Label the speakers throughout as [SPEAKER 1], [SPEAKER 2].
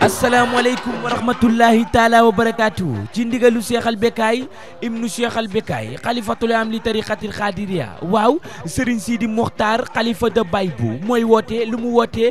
[SPEAKER 1] asalaamaaleykum wa rahmatullahi taala wa barakaatu ci ndigalu Cheikh al Bekaay ibnu Cheikh al Bekaay xalifatul am li tariqatil xaadiriya waaw Serigne Sidi Mokhtar xalifa de Baybou mooy woote lu mu wootee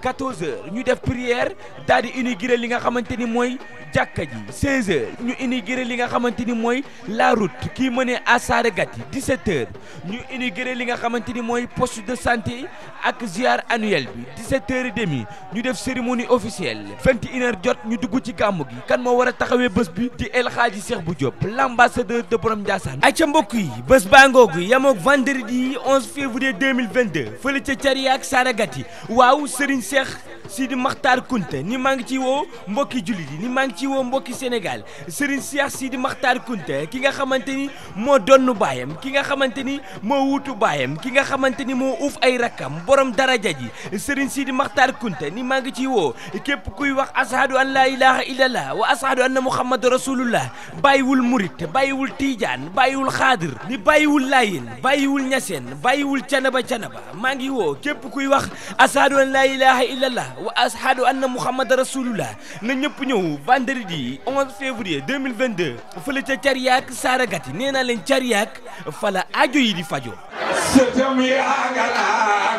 [SPEAKER 1] 14 heures Nous devons prier D'aller di inaugurer li nga xamante ni 16 h Nous inaugurer li nga vous savez la route Qui mène à Saragati 17 h nous inaugurer li nga xamante poste de santé ak ziar annuel 17 h 30 nous ñu def cérémonie officielle 21 h Nous ñu dugg ci gàmmu gi kan moo faire Le taxawee C'est bi di El Hadji Cheikh Bou Diop l'ambassadeur de Borom Ndiassane ay ca vendredi 11 février 2022 Saragati waaw Serigne всех Sidi Makhtar Kounta ni maa ngi ci woo mbokki jullit yi ni maa ngi ci woo mbokki Sénégal Serigne Cheikh siidi Makhtar Kounta ki nga xamante ni moo donn baayam ki nga xamante ni moo wuutu baayam ki nga xamante ni moo uuf ay rakkam borom daraja ji Serigne Sidi Makhtar Kounta ni maa ngi ci woo képp kuy wax ashadu an laa ilaha illallah wa ashadu anna muhammadu rasulullah bàyyiwul murit bàyyiwul tiijaan bàyyiwul xaadir ni bàyyiwul laayin bàyyiwul ñaseen bàyyiwul canaba canaba maa ngi woo képp kuy wax ashadu wa ashadu anna muhammad rasulullah na ñëpp ñëw vendredi 11 février 2022 fële ca cariak Saragati nee naa leen cariak fala ajo yi di fajo sëtam yaa nga la